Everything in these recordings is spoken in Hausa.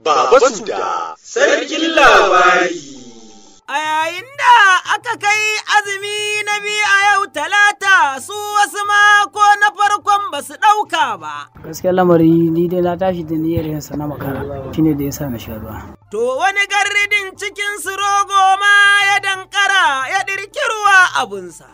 Baba Suda, Sarkin Labari. A yayin da aka kai azumi na biyu a yau talata su wasu mako na farkon ba su ɗauka ba. Gaskiya lamari ni dai na tashi da niyyar yin na makara shi ne da sa na sha ruwa. To wani garridin cikin su rogo ma ya dankara ya ɗirki ruwa abunsa.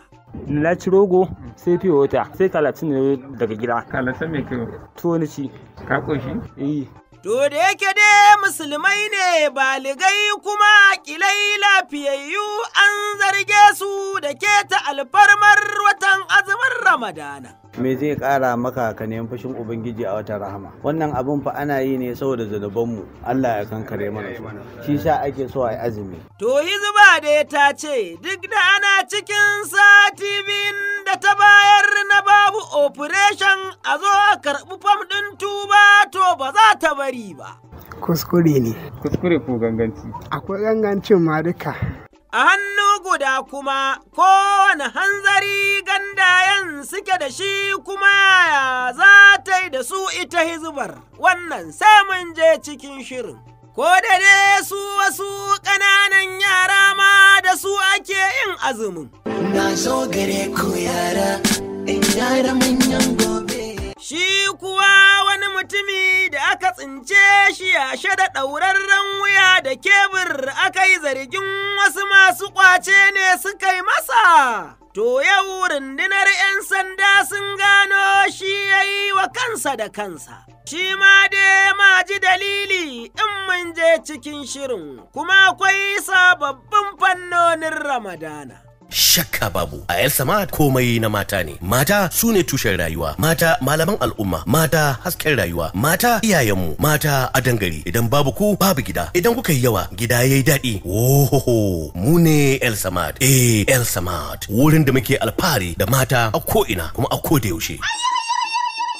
na ci rogo sai fiye wata sai kalatin daga gida kalatin mai kyau tuwo ni ci ka ƙoshi? Iyi. Eh. To da yake dai musulmai ne baligai kuma kilai lafiyayyu an zarge su da ke ta alfarmar watan azumin Ramadana. me zai kara maka ka nemi fushin ubangiji a wata rahama wannan abin fa ana yi ne saboda mu. Allah ya kankare mana su shi sa ake so a azumi to hizuba da ta ce duk da ana cikin sati biyu da ta bayar na babu operation a zo a karɓi fam ɗin tuba to ba za ta bari ba. Kuskure ne. Kuskure ko ganganci. Akwai gangancin ma duka. A hannu guda kuma kowane hanzari gandayen suke da shi kuma yaya za ta yi da su ita hizibar wannan sai mun je cikin shirin. ko da dai su wasu ƙananan yara ma da su ake yin azumin. Na zo gare ku yara, in yara manyan gobe. Shi kuwa wani mutumi da aka tsince shi yashe da ɗaurarren wuya da kebur aka yi zargin wasu masu ƙwace ne suka yi masa. To yau rundunar 'yan sanda sun gano shi ya yi wa kansa da kansa. Shi ma dai ma ji dalili in mun je cikin shirin kuma akwai sababbin fannonin Ramadana. shakka babu a el samad komai na mata ne mata su ne tushen rayuwa mata malaman al'umma mata hasken rayuwa mata iyayenmu mata a dangare idan babu ku babu gida idan kuka yi yawa gida yayi daɗi ohoho mu ne el samad eh el samad wurin da muke alfahari da mata a ko'ina kuma a ko da yaushe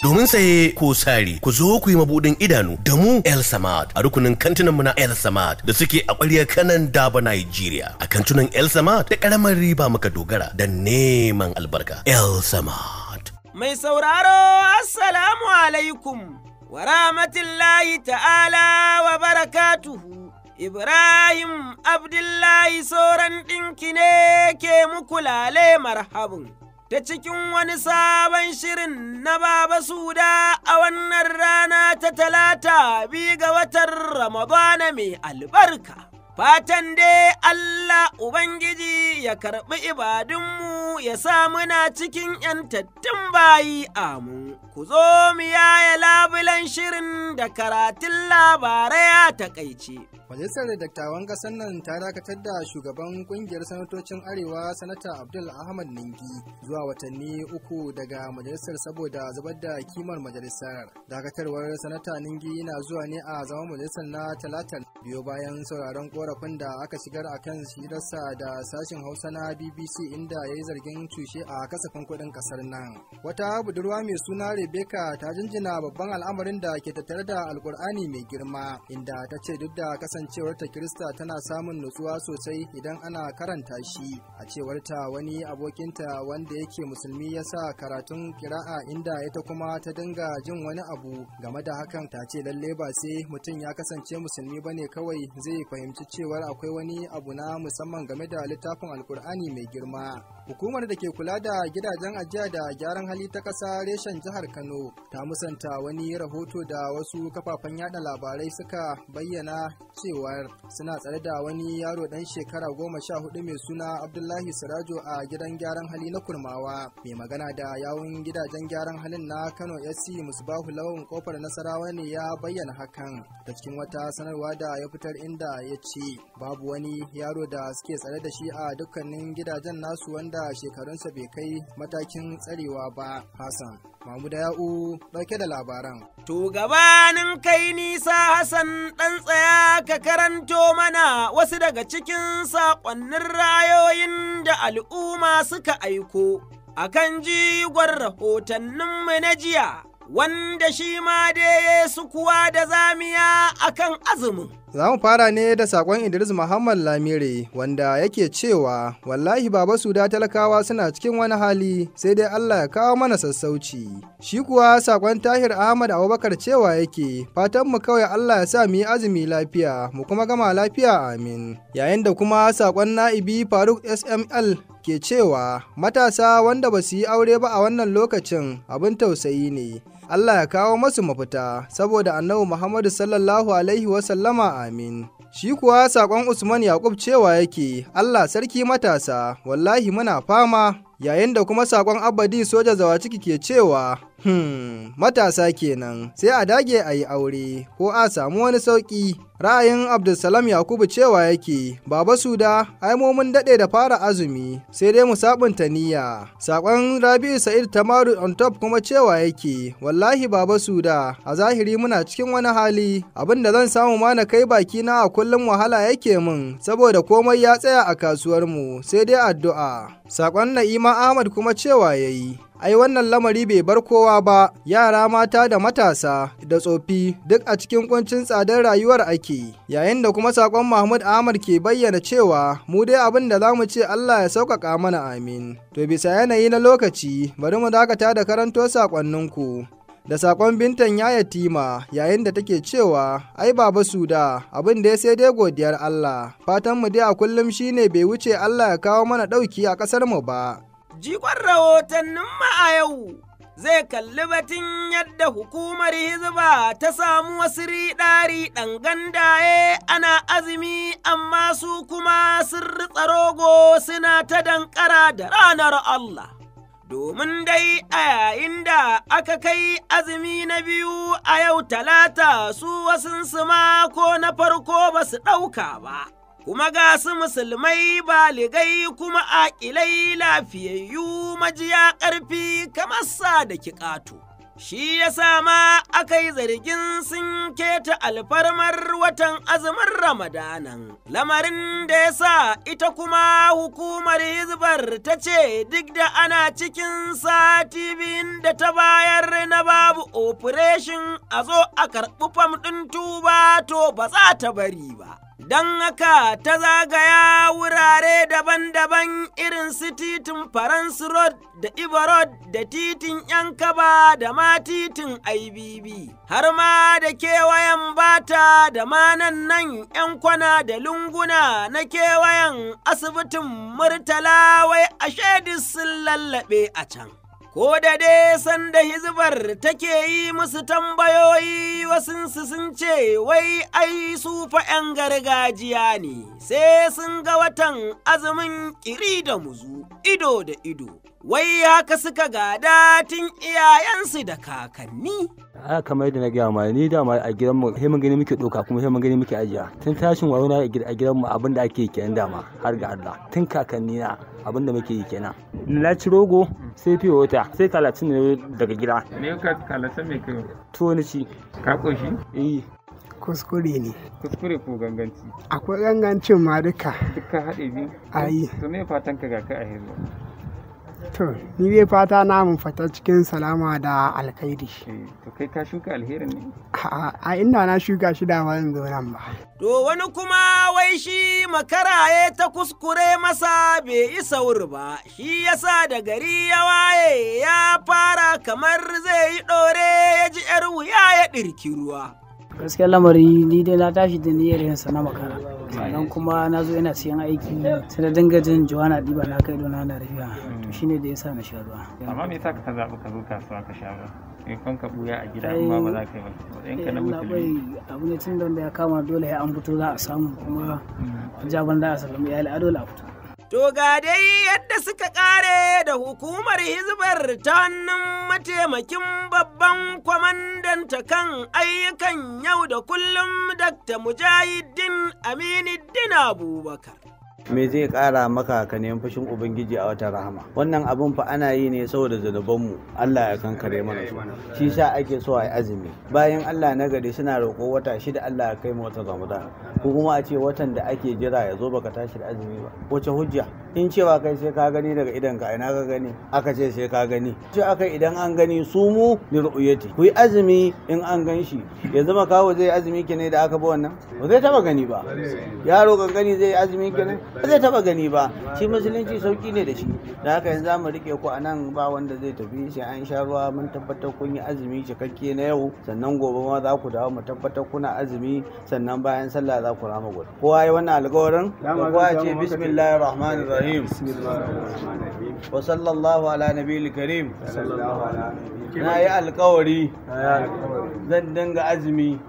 Domin saye ko sari ku zo ku yi mabudin idanu da mu El Samad a rukunin mu na El Samad da suke a ƙwarya kanan daba Nigeria. A kantunan El Samad da ƙaramar riba muka dogara da neman albarka. El Samad. Mai sauraro Assalamu alaikum wa rahmatullahi ta'ala wa barakatuhu. Ibrahim Abdullahi sauran ɗinki ne ke muku lale marhabin. ta cikin wani sabon shirin na Baba Suda a wannan rana ta talata bi ga watan Ramadana mai albarka. Fatan dai Allah Ubangiji ya karɓi ibadunmu ya sa muna cikin ‘yantattun bayi amu. ku zo mu yaya labulan shirin da karatun labarai a takaice. Majalisar dattawan ƙasar nan ta dakatar da shugaban ƙungiyar sanatocin Arewa Sanata Abdul Ahmad Ningi zuwa watanni uku daga majalisar saboda zubar da kimar majalisar. Dakatarwar Sanata Ningi na zuwa ne a zaman majalisar na talatar biyo bayan sauraron korafin da aka shigar a kan shirarsa da sashen Hausa na BBC inda ya yi zargin cushe a kasafin kuɗin ƙasar nan. Wata budurwa mai suna na Rebecca ta jinjina babban al'amarin da ke tattare da Alkur'ani mai girma inda ta ce duk da kasancewarta Kirista tana samun nutsuwa sosai idan ana karanta shi a cewarta wani abokinta wanda yake musulmi ya sa karatun kira'a inda ita kuma ta dinga jin wani abu game da hakan ta ce lalle ba sai mutum ya kasance musulmi ba ne kawai zai fahimci cewar akwai wani abu na musamman game da littafin Alkur'ani mai girma hukumar da ke kula da gidajen ajiya da gyaran hali ta ƙasa reshen jihar jihar Kano ta musanta wani rahoto da wasu kafafen yada labarai suka bayyana cewa suna tsare da wani yaro dan shekara goma sha hudu mai suna Abdullahi Sirajo a gidan gyaran hali na Kurmawa. Mai magana da yawun gidajen gyaran halin na Kano SC Musbahu Lawan kofar Nasarawa ne ya bayyana hakan ta cikin wata sanarwa da ya fitar inda ya ce babu wani yaro da suke tsare da shi a dukkanin gidajen nasu wanda shekarunsa bai kai matakin tsarewa ba. Hassan Adamu da ya'u dauke da labaran. To gabanin kai nisa Hassan ɗan tsaya ka karanto mana wasu daga cikin saƙonnin rayoyin da al'umma suka aiko. a kan jigon rahotanninmu na jiya, wanda shi ma dai su kuwa da zamiya akan azumin. Za mu fara ne da sakon Idris Muhammad Lamire wanda yake cewa wallahi baba su da talakawa suna cikin wani hali sai dai Allah ya kawo mana sassauci. Shi kuwa sakon Tahir Ahmad Abubakar cewa yake fatan mu kawai Allah ya sa mu yi azumi lafiya mu kuma gama lafiya amin. Yayin da kuma sakon Na'ibi Faruk SML ke cewa matasa wanda ba su yi aure ba a wannan lokacin abin tausayi ne. Allah ya kawo masu mafita saboda annabi Muhammadu sallallahu alaihi wasallama amin. Shi kuwa saƙon Usman Yaƙub cewa yake Allah sarki matasa wallahi muna fama yayin da kuma sakon abadi soja zawa ciki ke cewa hmm matasa kenan sai a dage a yi aure ko a samu wani sauƙi ra'ayin abdulsalam yakubu cewa yake baba suda ai mu mun daɗe da fara azumi sai dai mu sabunta niyya sakon rabi'u sa'id tamaru on top kuma cewa yake wallahi baba suda a zahiri muna cikin wani hali abin da zan samu mana kai baki na a kullum wahala yake min saboda komai ya tsaya a kasuwar mu sai dai addu'a Sakon Na'ima Ahmad kuma cewa ya yi, ai wannan lamari bai bar kowa ba, yara mata da matasa da tsofi duk a cikin kuncin tsadar rayuwar ake. Yayin da kuma sakon Mahmud Ahmad ke bayyana cewa mu dai abin da za mu ce Allah ya sauƙaƙa mana amin. To bisa yanayi na lokaci, bari mu dakata da karanto sakonninku. da sakon bintan ya yatima yayin da take cewa ai baba Suda, abin da ya sai dai godiyar Allah fatan mu dai a kullum shine bai wuce Allah ya kawo mana ɗauki a ƙasarmu mu ba. Jikon rahotannin mu a yau zai kalli batun yadda hukumar hizba ta samu wasu ridari ɗan gandaye ana azumi amma su kuma sun rogo suna ta dankara da ranar Allah. domin dai a yayin da aka kai azumi na biyu a yau talata su wasu ma ko na farko ba su ɗauka ba. Kuma ga su musulmai baligai kuma aƙilai lafiyayyu majiya ƙarfi kamar sa da ƙato shi ya ma aka yi zargin sun keta alfarmar watan azumin ramadanan lamarin da ya sa ita kuma hukumar hizbar ta ce duk da ana cikin sati biyun da ta bayar na babu operation a zo a karɓi fam ɗin tuba to ba za ta bari ba don haka ta zagaya wurare daban-daban irin su titin faransu Road da Ibarod da titin Yankaba da ma titin IBB, har ma da kewayen bata da manan nan nan ‘yan kwana da lunguna na kewayen asibitin Murtala wai a ashe sun lallaɓe a can. ko da dai sanda hizbar take yi musu tambayoyi wasunsu sun ce wai ai su fa 'yan gargajiya ne sai sun ga watan azumin kiri da muzu ido da ido wai haka suka gada tun iyayensu da kakanni a kamar yadda na gaya ma ni dama a gidan mu sai mun gani muke doka kuma sai mun gani muke ajiya tun tashin wayo na a gidan mu abinda da ake yi kenan dama har ga Allah tun kakanni na abinda da muke yi kenan na ci rogo sai fiye wata sai kalacin ne daga gida me ka kalacin me kai to ni ci ka koshi eh kuskure ne kuskure ko ganganci akwai gangancin ma duka duka haɗe biyu ayi to me fatan ka ga ka a yanzu to ni dai fata na mun fata cikin salama da alkhairi eh, to kai ka shuka alherin ne a inda na shuka shi da wani ba to wani kuma wai shi makaraye ta kuskure masa bai isa wuri ba shi yasa da gari ya waye ya fara kamar zai yi ɗore ya ji yar wuya ya ɗirki ruwa gaskiya lamari ni dai na tashi da niyyar yin sana makara sannan kuma na zo ina siyan aiki sai na dinga jin juwana diba na kai dona na rafiya to shine da yasa na sha ruwa amma me yasa ka zaɓi ka zo kasuwa ka sha ruwa in kan ka buya a gida amma ba za ka yi ba in ka na eh, mutum abu ne tun da ya kama dole ya an fito za a samu kuma jaban da a sallama iyali a dole a fito To ga dai yadda suka ƙare da hukumar hizbar ta hannun mataimakin babban kwamandanta kan ayyukan yau da kullum Dr. Mujahidin Aminu Dina Abubakar. me zai ƙara maka ka nemi fushin ubangiji a wata rahama wannan abun fa ana yi ne saboda mu. Allah ya kankare mana su shi sa ake so a yi azumi bayan Allah na gari suna roƙo wata shida Allah ya kai mu wata ramadan ko kuma a ce watan da ake jira ya zo baka tashi da azumi ba wace hujja in cewa kai sai ka gani daga idan ka ina ka gani aka ce sai ka gani ce aka idan an gani su mu ni ru'yati ku azumi in an gan shi ya zama kawo zai azumi ki ne da aka bi wannan ba zai taba gani ba yaro kan gani zai azumi ki ne ba zai taba gani ba shi musulunci sauki ne da shi da haka yanzu zamu rike ku a nan ba wanda zai tafi sai an sha ruwa mun tabbatar kun yi azumi cikakke na yau sannan gobe ma za ku dawo mu tabbatar kuna azumi sannan bayan sallah za ku rama gobe kowa ya wannan alƙawarin kowa ce bismillahir rahmanir rahim الرحيم وصلى الله على نبي الكريم na yi alkawari zan dinga azumi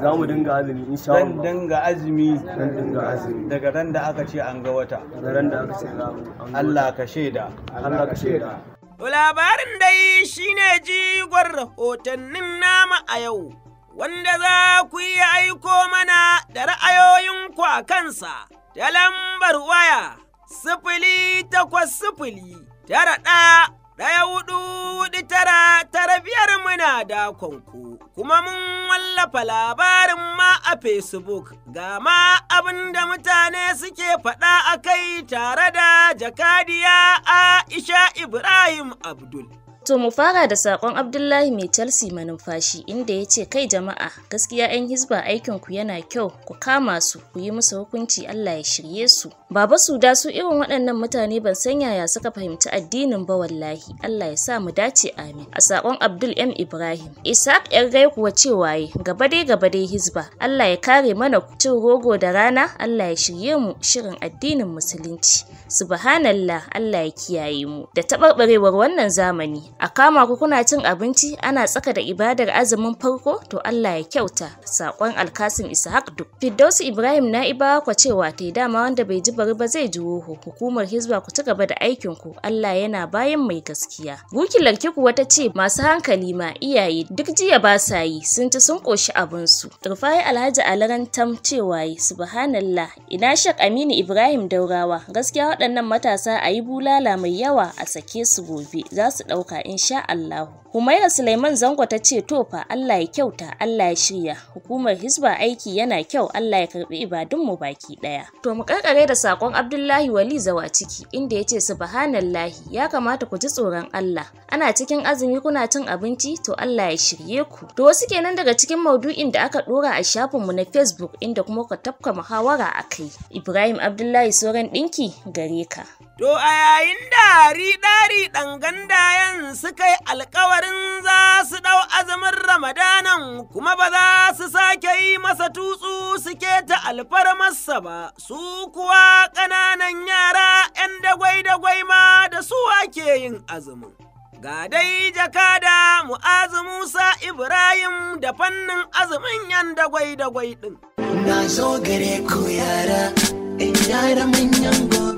za mu dinga azumi insha Allah zan dinga azumi zan dinga azumi daga ran da aka ce an ga wata daga ran da aka ce Allah ka shaida Allah ka shaida labarin dai shine jigon rahotannin nama a yau wanda za ku yi aiko mana da ra'ayoyinku a kansa ta lambar waya sifili takwas sifili tara ɗaya ɗaya hudu hudu tara tara biyar muna da kwanku kuma mun wallafa labarin ma a facebook ga ma abin da mutane suke faɗa a kai tare da jakadiya aisha ibrahim abdul To mu fara da sakon Abdullahi mai Chelsea manumfashi inda ya ce kai jama'a gaskiya 'yan hisba aikin ku yana kyau ku kama su ku yi musu hukunci Allah ya shirye su. Baba su da su irin waɗannan mutane ban san yaya suka fahimci addinin ba wallahi Allah ya sa mu dace amin. A sakon Abdul M Ibrahim Isaac yar gai kuwa cewa waye gaba dai gaba dai hisba Allah ya kare mana cin rogo da rana Allah ya shirye mu shirin addinin musulunci. Subhanallah Allah ya kiyaye mu da taɓarɓarewar wannan zamani a kama ku kuna cin abinci ana tsaka da ibadar azumin farko to Allah ya kyauta sakon alkasim ishaq duk firdausu ibrahim Na'ibawa kwa cewa ta dama wanda bai ji bari ba zai ji hoho hukumar hizba ku ci gaba da aikin ku Allah yana bayan mai gaskiya Bukilar larki kuwa ce masu hankali ma iyaye duk jiya ba sa yi sun ci sun koshi abin su Turfai alhaji alaran tam cewa yi subhanallah ina shak aminu ibrahim daurawa gaskiya waɗannan matasa a yi bulala mai yawa a sake su gobe za su ɗauka insha Allahu. Humaira Sulaiman Zango ta ce to fa Allah ya kyauta Allah ya shirya hukumar Hizba aiki yana kyau Allah ya karbi ibadunmu baki daya. To mu karkare da sakon Abdullahi Wali zawa ciki inda ya ce subhanallahi ya kamata ku ji tsoron Allah. Ana cikin azumi kuna cin abinci to Allah ya shirye ku. To wasu kenan daga cikin maudu'in da aka dora a shafin mu na Facebook inda kuma ka tafka muhawara a kai. Ibrahim Abdullahi Soran ɗinki gare ka. To a yayin da riɗari ɗan gandayen suka yi alkawarin za su ɗau azumin Ramadanan kuma ba za su sake yi masa tutsu suke ta alfarmarsa ba, su kuwa ƙananan yara ‘yan dagwai-dagwai ma da su ake yin azumin. Ga dai jakada mu'azu Musa Ibrahim da fannin azumin ‘yan dagwai-dagwai ɗin. Na zo gare ku yara, in yara manyan gobe.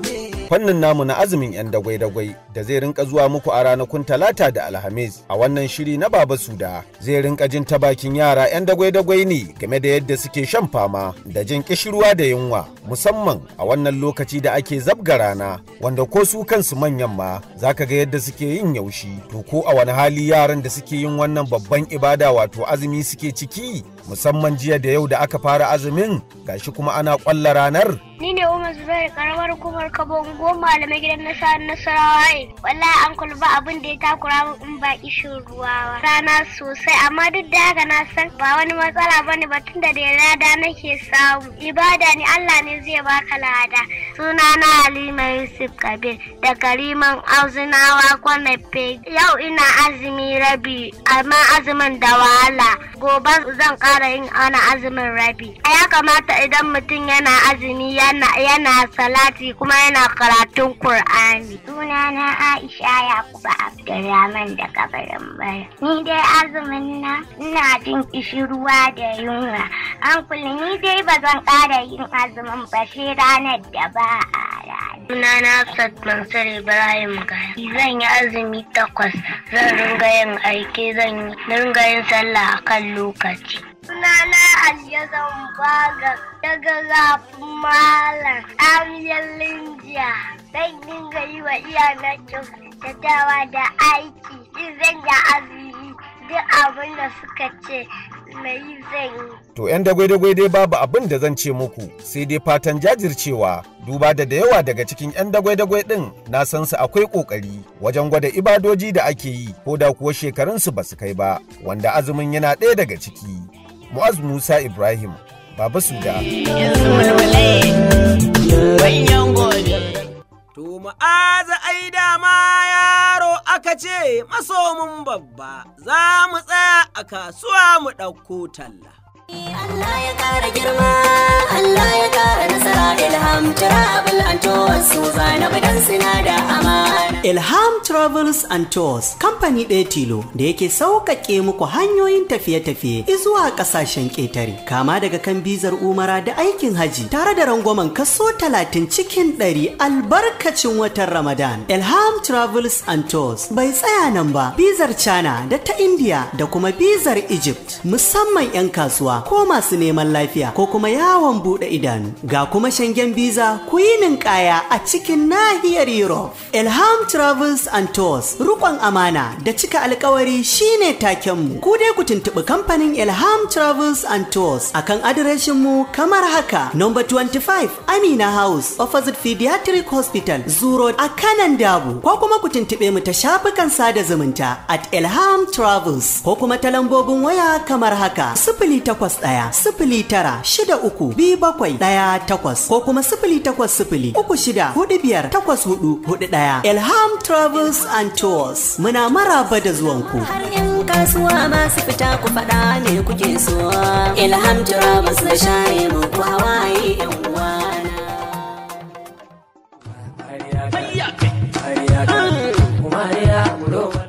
fannin namu na azumin 'yan dagwai-dagwai da zai rinka zuwa muku a ranakun talata da alhamis a wannan shiri na baba suda zai rinka jin ta bakin yara 'yan dagwai-dagwai ne game da yadda suke shan fama da jin kishirwa da yunwa musamman a wannan lokaci da ake zabga rana wanda ko su kansu manyan ma za ka ga yadda suke yin yaushi to ko a wani hali yaran da suke yin wannan babban ibada wato azumi suke ciki musamman jiya da yau da aka fara azumin gashi kuma ana kwalla ranar. Ni ne Umar Zubairu, karamar kumar kabon goma malamai gidan nasarar nasarawa ne. Wallahi an kulba abin da ya takura min in ba kishin ruwa rana sosai amma duk da haka na san ba wani matsala bane ba tunda da lada nake samu. Ibada ne Allah ne zai baka lada. Suna na Halima Yusuf Kabir da Kariman Auzinawa Kwanafe. Yau ina azumi rabi amma azumin da wahala. Gobe zan ka fara yin ana azumin rabi A ya kamata idan mutum yana azumi yana yana salati kuma yana karatun Kur'ani. Suna na aisha ya kuba abdulrahman da kabarin bar. ni dai azumin na ina jin kishirwa da yunwa an kulle ni dai ba zan ƙara yin azumin ba sai ranar da ba a rana na hafsat mansur ibrahim gaya zan yi azumi takwas zan ringa yin aiki zan ringa yin sallah a kan lokaci Sunana Hajiya Zambaga daga rafin Malam Amiyar Lindiya. Zan dinga yi wa iyana da aiki, in zan da azumi duk abin da suka ce mai zan yi. To 'yan dagwai-dagwai dai babu abin da zan ce muku sai dai fatan jajircewa duba da da yawa daga cikin 'yan dagwai-dagwai ɗin na san su akwai ƙoƙari wajen gwada ibadoji da ake yi ko da kuwa shekarunsu ba su kai ba wanda azumin yana ɗaya daga ciki. Mu'az Musa Ibrahim, Baba Suda. To ma'aza ai ma yaro aka ce masomin babba za mu tsaya a kasuwa mu ɗauko talla. girma, ya Ilham Ilham Travels and Tours kamfani ɗaya tilo da yake sauƙaƙe muku hanyoyin tafiye-tafiye zuwa ƙasashen ƙetare kama daga kan bizar umara da aikin haji tare da rangwamen kaso talatin cikin ɗari albarkacin watan Ramadan. Ilham Travels and Tours bai tsaya nan ba bizar China da ta India da kuma bizar Egypt musamman 'yan kasuwa kasuwa ko masu neman lafiya ko kuma yawon buɗe idanu. Ga kuma shangen biza. ku yi ninkaya a cikin nahiyar Europe. Ilham Travels and Tours rukon amana da cika alkawari shine takenmu. Ku dai ku tuntuɓi kamfanin Ilham Travels and Tours akan mu kamar haka. Number 25 Amina House opposite Pediatric Hospital Zuro a kanan Dabu ko kuma ku tuntuɓe mu ta shafukan sada zumunta at Ilham Travels ko kuma ta lambobin waya kamar haka sifili takwas takwas ɗaya sifili tara shida uku biyu bakwai ɗaya takwas ko kuma sifili takwas sifili uku shida hudu biyar takwas hudu hudu ɗaya. Ilham Travels and Tours muna maraba da zuwanku. kasuwa masu fita ku faɗa ne kuke so. Ilham Travels da share muku hawaye yan uwana. Mariya, Mariya, Mariya,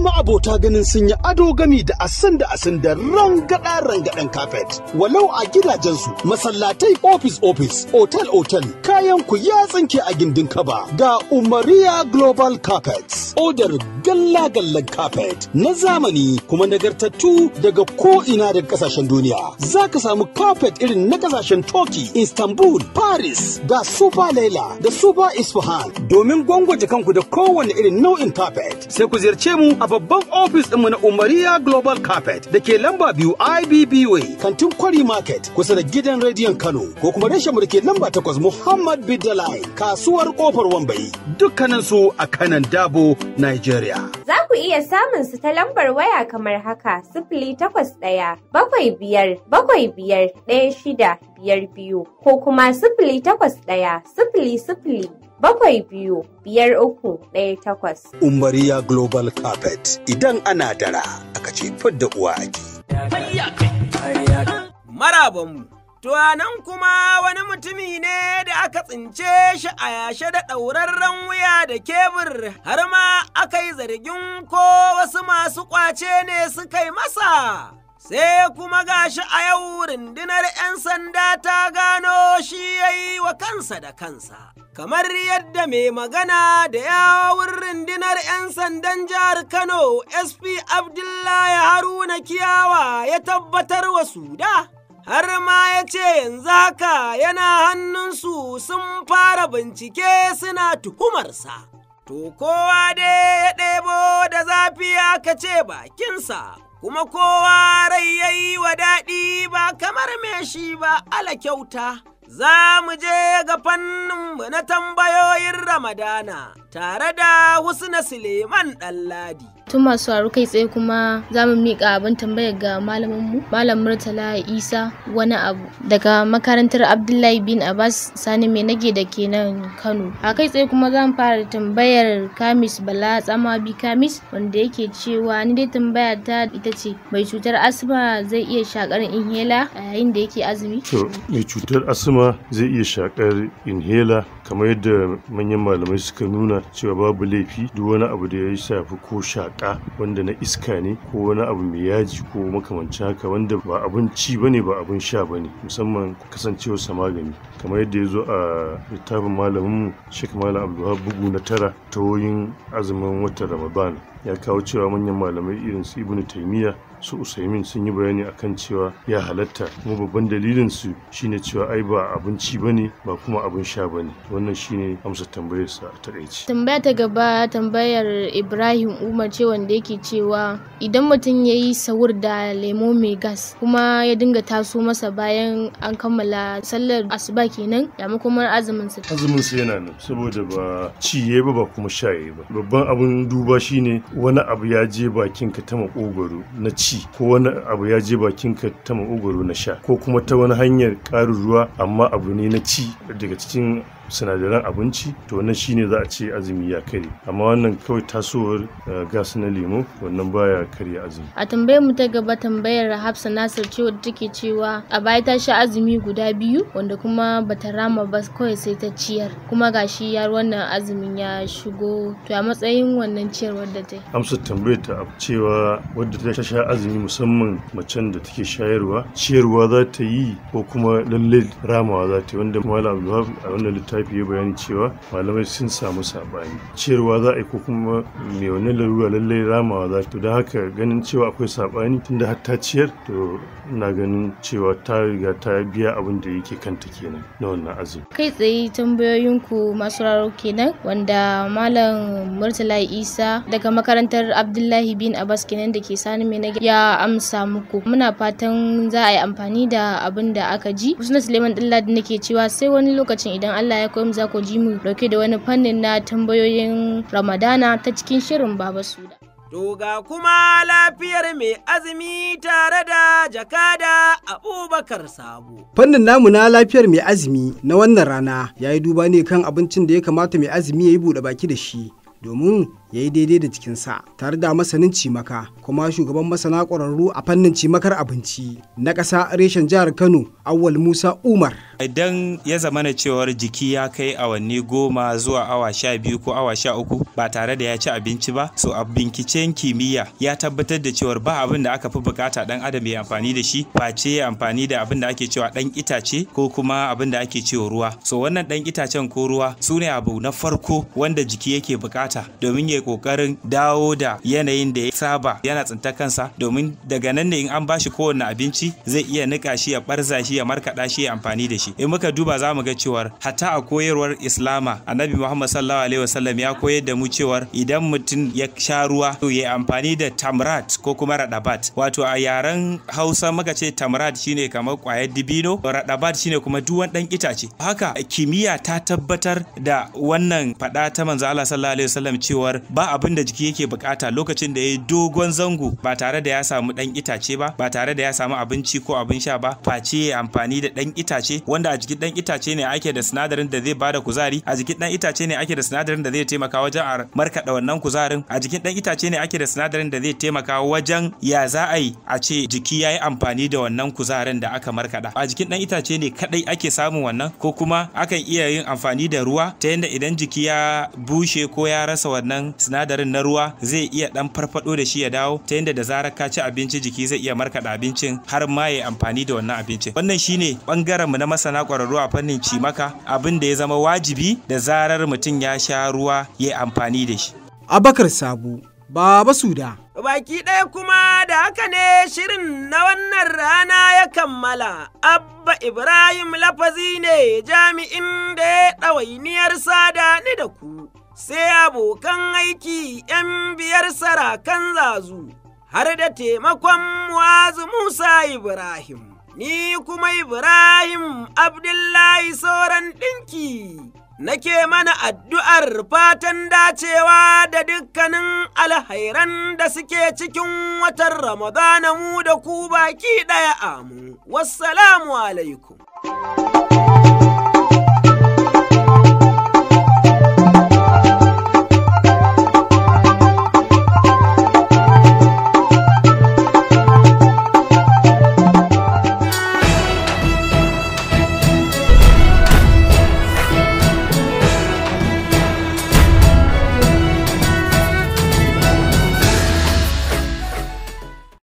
ma'abota ganin sun yi ado gami da asan da asan da rangada rangadan kafet. Walau a gidajensu, masallatai ofis ofis, otal-otal, kayan ku ya tsinke a gindin kaba ga Umaria Global Carpets. Odar galla-gallan carpet na zamani kuma nagartattu daga ko'ina daga kasashen duniya. Za ka samu carpet irin na kasashen Turkey, Istanbul, Paris, da Super Laila, da Super Isfahan domin gwangwaje kanku da kowane irin nau'in carpet. Sai ku ziyarce mu a babban ofis ɗinmu na Umariya Global Carpet da ke lamba biyu IBB Way, kantin Kwari Market kusa da gidan rediyon Kano ko kuma reshen mu da ke lamba takwas Muhammad Bidalai kasuwar kofar Wambai dukkanin su a kanan Dabo, Nigeria. Za ku iya samun su ta lambar waya kamar haka sifili takwas ɗaya bakwai biyar bakwai biyar ɗaya shida biyar biyu ko kuma sifili takwas ɗaya sifili sifili bakwai biyu biyar uku ɗaya takwas. Umbariya Global Carpet idan ana dara aka ce da uwa ake. Marabanmu, to nan kuma wani mutumi ne da aka tsince shi a yashe da ɗaurarren wuya da kebur har ma aka yi zargin ko wasu masu ƙwace ne suka yi masa. sai kuma gashi a yau rundunar 'yan sanda ta gano shi ya yi wa kansa da kansa. Kamar yadda mai magana da yawun rundunar 'yan sandan jihar Kano SP Abdullahi Haruna Kiyawa ya tabbatar wa Suda. Har ma ya ce yanzu haka yana hannunsu sun fara bincike suna tukumarsa. To kowa dai ya ɗebo da zafi aka ce bakinsa kuma kowa rai ya yi wa daɗi ba kamar me shi ba ala kyauta. Za mu je ga fanninmu na tambayoyin Ramadana tare da Husna Suleiman Ɗanladi. tun masu sauraro kai tsaye kuma za mu miƙa abin tambayar ga malaminmu malam murtala isa wani abu daga makarantar abdullahi bin abbas sani mai nage da ke nan kano a kai tsaye kuma za mu fara tambayar kamis bala tsama bi kamis wanda yake cewa ni dai tambaya ta ita ce mai cutar asma zai iya shakar inhela a yayin da yake azumi to mai cutar asma zai iya shakar inhela kamar yadda manyan malamai suka nuna cewa babu laifi duk wani abu da ya safi ko shakar shaƙa wanda na iska ne ko wani abu mai yaji ko makamancin haka wanda ba abin ci ne, ba abun sha ba ne, musamman kasancewarsa magani kamar yadda ya zo a littafin malamin shek Malam Abdullahi, bugu na tara ta azumin watan Ramadan ya kawo cewa manyan malamai irin su Ibnu Taimiyya. su usaimin sun yi bayani akan cewa ya halatta kuma babban dalilin su shine cewa ai ba abinci bane ba kuma abin sha bane wannan shine amsa tambayar sa a takaice tambaya ta gaba tambayar Ibrahim Umar ce wanda yake cewa idan mutum yayi sawur da lemo mai gas kuma ya dinga taso masa bayan an kammala sallar asuba kenan ya kuma azumin sa azumin sa yana nan saboda ba ci ba ba kuma shaye ba babban abun duba shine wani abu ya je bakin ka ta makogoro na ci ci ko wani abu ya je bakinka ta maƙogwaro na sha ko kuma ta wani hanyar ƙarin ruwa amma abu ne na ci daga cikin sinadaran abinci to wannan shine za a ce azumi ya kare amma wannan kawai tasowar eh, gas na lemo wannan baya karya azumi a tambayar mu ta gaba tambayar hafsa nasir ce wadda take cewa a baya ta sha azumi guda biyu wanda kuma bata rama ba kawai sai ta ciyar kuma gashi yar wannan azumin ya shigo to a matsayin wannan ciyar wadda ta yi amsa tambayar ta cewa wadda ta sha azumi musamman macen da take shayarwa ciyarwa za ta yi ko kuma lalle ramawa za ta yi wanda malam abdulhab a wannan littafi lissafi ya bayani cewa malamai sun samu sabani ciyarwa za a yi ko kuma mai wani larura lallai ramawa za to don haka ganin cewa akwai sabani tunda har ta ciyar to ina ganin cewa ta riga ta biya abin da yake kanta kenan na wannan azumi kai tsaye tambayoyinku masu raro kenan wanda malam murtala isa daga makarantar abdullahi bin abbas kenan da ke sani mai ya amsa muku muna fatan za a yi amfani da abin da aka ji usna suleiman dilladi nake cewa sai wani lokacin idan allah ya akwai mu za ku ji mu dauke da wani fannin na tambayoyin Ramadana ta cikin shirin Baba Suda. To kuma lafiyar mai azumi tare da jakada Abubakar Sabo. Fannin namu na lafiyar mai azumi na wannan rana ya yi duba ne kan abincin da ya kamata mai azumi ya yi buɗe baki da shi. Domin ya yi daidai da sa tare da masanin cimaka kuma shugaban masana ƙwararru a fannin cimakar abinci na ƙasa reshen jihar kano awwal musa umar idan ya zamana cewar jiki ya kai awanni goma zuwa awa sha biyu ko awa sha uku ba tare da ya ci abinci ba so a binkicen kimiyya ya tabbatar da cewar ba abin da aka fi bukata dan adam ya amfani da shi face ya amfani da abin da ake cewa dan itace ko kuma abin da ake cewa ruwa so wannan dan itacen ko ruwa su ne abu na farko wanda jiki yake bukata domin ya kokarin dawo da yanayin da ya saba yana tsinta kansa domin daga nan ne in an bashi kowanne abinci zai iya nika shi ya barza shi ya markaɗa shi ya amfani da shi in muka duba za mu ga cewar hatta a koyarwar islama annabi muhammad sallallahu alaihi wasallam ya koyar da mu cewar idan mutum ya sha ruwa to ya amfani da tamrat ko kuma radabat wato a yaren hausa muka ce tamrat shine kamar kwayar dibino radabat shine kuma duwan dan itace haka kimiyya ta tabbatar da wannan faɗa ta manzo Allah sallallahu alaihi wasallam cewar ba abin da jiki yake bukata lokacin da ya yi dogon zango ba tare da ya samu dan itace ba ba tare da ya samu abinci ko abin sha ba face ya amfani da dan itace wanda a jikin dan itace ne ake da sinadarin da zai bada kuzari a jikin dan itace ne ake da sinadarin da zai taimaka wajen a markada wannan kuzarin a jikin dan itace ne ake da sinadarin da zai taimaka wajen ya za a yi a ce jiki ya yi amfani da wannan kuzarin da aka markada a jikin dan itace ne kadai ake samun wannan ko kuma akan iya yin amfani da ruwa ta yadda idan jiki ya bushe ko ya rasa wannan sinadarin na ruwa zai iya dan farfado da shi ya dawo ta yadda da zarar ka ci abinci jiki zai iya markaɗa abincin har ma ya amfani da wannan abincin wannan shine bangaren mu na masana ƙwararru a fannin cimaka abin da ya zama wajibi da zarar mutum ya sha ruwa ya amfani da shi abakar sabu baba suda baki ɗaya kuma da haka ne shirin na wannan rana ya kammala abba ibrahim lafazi ne jami'in da ya ɗawainiyar sada ni da ku sai abokan aiki ‘yan biyar sarakan zazu, har da taimakon mu'azu Musa Ibrahim, ni kuma Ibrahim Abdullahi sauran ɗinki. Nake mana addu'ar fatan dacewa da dukkanin alhairan da suke cikin watan Ramadana mu da ku baki ɗaya amu. Wassalamu alaikum.